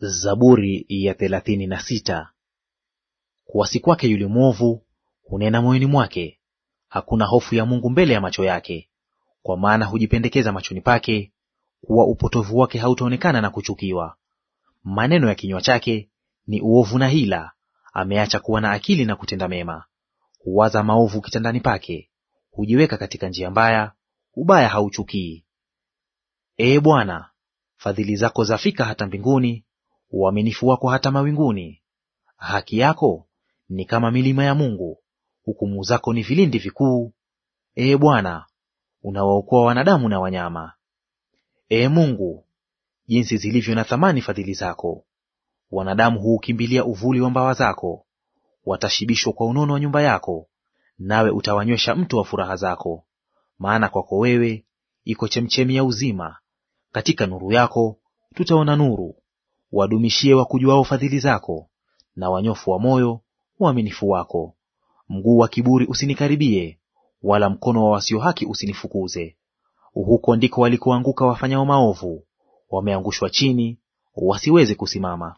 Zaburi ya thelathini na sita. Kuwasi kwake yule mwovu hunena moyoni mwake, hakuna hofu ya Mungu mbele ya macho yake. Kwa maana hujipendekeza machoni pake, kuwa upotovu wake hautaonekana na kuchukiwa. Maneno ya kinywa chake ni uovu na hila, ameacha kuwa na akili na kutenda mema. Huwaza maovu kitandani pake, hujiweka katika njia mbaya, ubaya hauchukii. Ee Bwana, fadhili zako zafika hata mbinguni, uaminifu wako hata mawinguni. Haki yako ni kama milima ya Mungu, hukumu zako ni vilindi vikuu. Ee Bwana, unawaokoa wanadamu na wanyama. Ee Mungu, jinsi zilivyo na thamani fadhili zako! Wanadamu huukimbilia uvuli wa mbawa zako. Watashibishwa kwa unono wa nyumba yako, nawe utawanywesha mto wa furaha zako. Maana kwako wewe iko chemchemi ya uzima, katika nuru yako tutaona nuru. Wadumishie wa kujuao fadhili zako, na wanyofu wa moyo waaminifu wako. Mguu wa kiburi usinikaribie, wala mkono wa wasio haki usinifukuze. Huko ndiko walikoanguka wafanyao maovu, wameangushwa chini wasiweze kusimama.